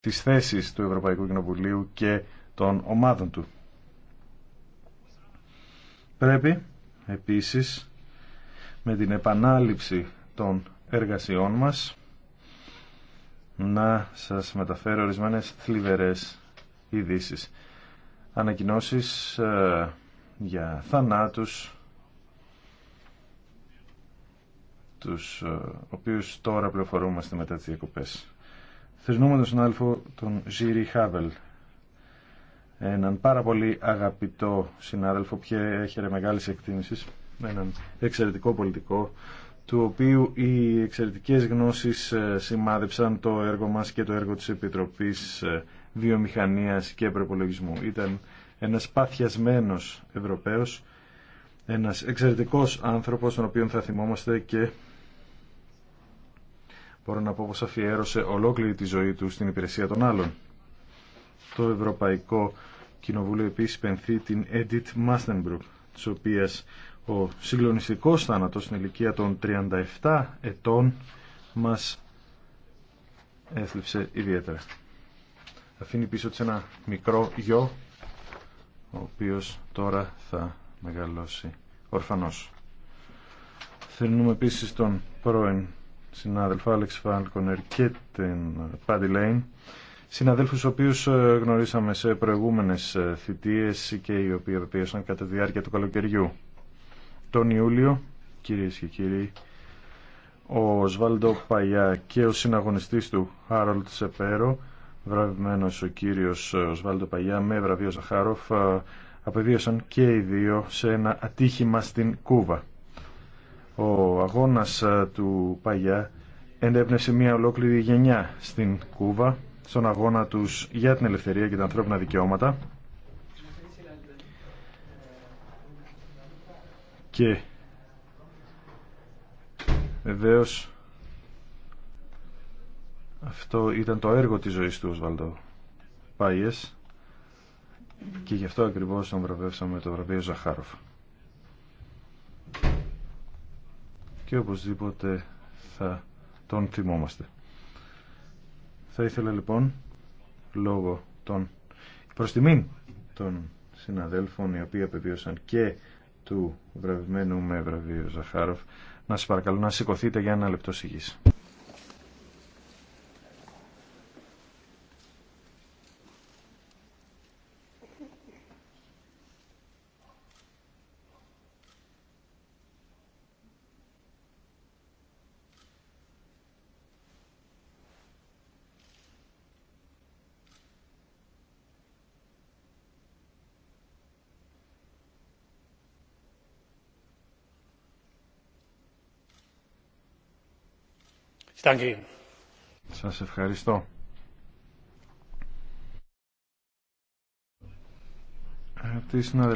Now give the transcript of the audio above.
τις θέσεις του Ευρωπαϊκού Κοινοβουλίου και των ομάδων του. Πρέπει επίσης με την επανάληψη των εργασιών μας να σας μεταφέρω ορισμένε θλιβερές ειδήσει. Ανακοινώσεις ε, για θανάτους τους ε, οποίους τώρα πληροφορούμαστε μετά τις διακοπές. Θεσνούμε τον συνάδελφο τον Ζήρι Χάβελ, έναν πάρα πολύ αγαπητό συνάδελφο που έχερε μεγάλη εκτίμηση. έναν εξαιρετικό πολιτικό, του οποίου οι εξαιρετικές γνώσεις ε, σημάδεψαν το έργο μας και το έργο της Επιτροπής ε, βιομηχανία και Προπολογισμού. Ήταν ένας παθιασμένος Ευρωπαίος, ένας εξαιρετικός άνθρωπος, τον οποίο θα θυμόμαστε και Μπορώ να πω πως αφιέρωσε ολόκληρη τη ζωή του στην υπηρεσία των άλλων. Το Ευρωπαϊκό Κοινοβούλιο επίσης πενθεί την Edith Mastenbrook, της οποίας ο συγκλονιστικός θάνατος στην ηλικία των 37 ετών μας έθλιψε ιδιαίτερα. Αφήνει πίσω της ένα μικρό γιο, ο οποίος τώρα θα μεγαλώσει ορφανός. Θερνούμε επίση τον πρώην συνάδελφο Άλεξ Φάλκονερ και την Πάντι Λέιν, συναδέλφους οποίους ε, γνωρίσαμε σε προηγούμενες ε, θητείες και οι οποίοι επιπίεσαν κατά τη διάρκεια του καλοκαιριού. Τον Ιούλιο, κυρίες και κύριοι, ο Σβάλντο Παγιά και ο συναγωνιστής του Χάρολτ Σεπέρο, βραβευμένος ο κύριος ε, Σβάλντο Παγιά με βραβείο Ζαχάροφ, απεβίωσαν και οι δύο σε ένα ατύχημα στην Κούβα. Ο αγώνας ε, του Παγιά ενέπνευσε μια ολόκληρη γενιά στην Κούβα στον αγώνα τους για την ελευθερία και τα ανθρώπινα δικαιώματα και βεβαίω αυτό ήταν το έργο της ζωής του Οσβαλτό Πάιες και γι' αυτό ακριβώς τον βραβεύσαμε το βραβείο Ζαχάροφ. και οπωσδήποτε θα τον θυμόμαστε. Θα ήθελα λοιπόν λόγω των προστιμήν των συναδέλφων οι οποίοι απεβίωσαν και του βραβημένου με βραβείο Ζαχάροφ να σας παρακαλώ να σηκωθείτε για ένα λεπτό Danke Ihnen. Σας ευχαριστώ. Αυτή είναι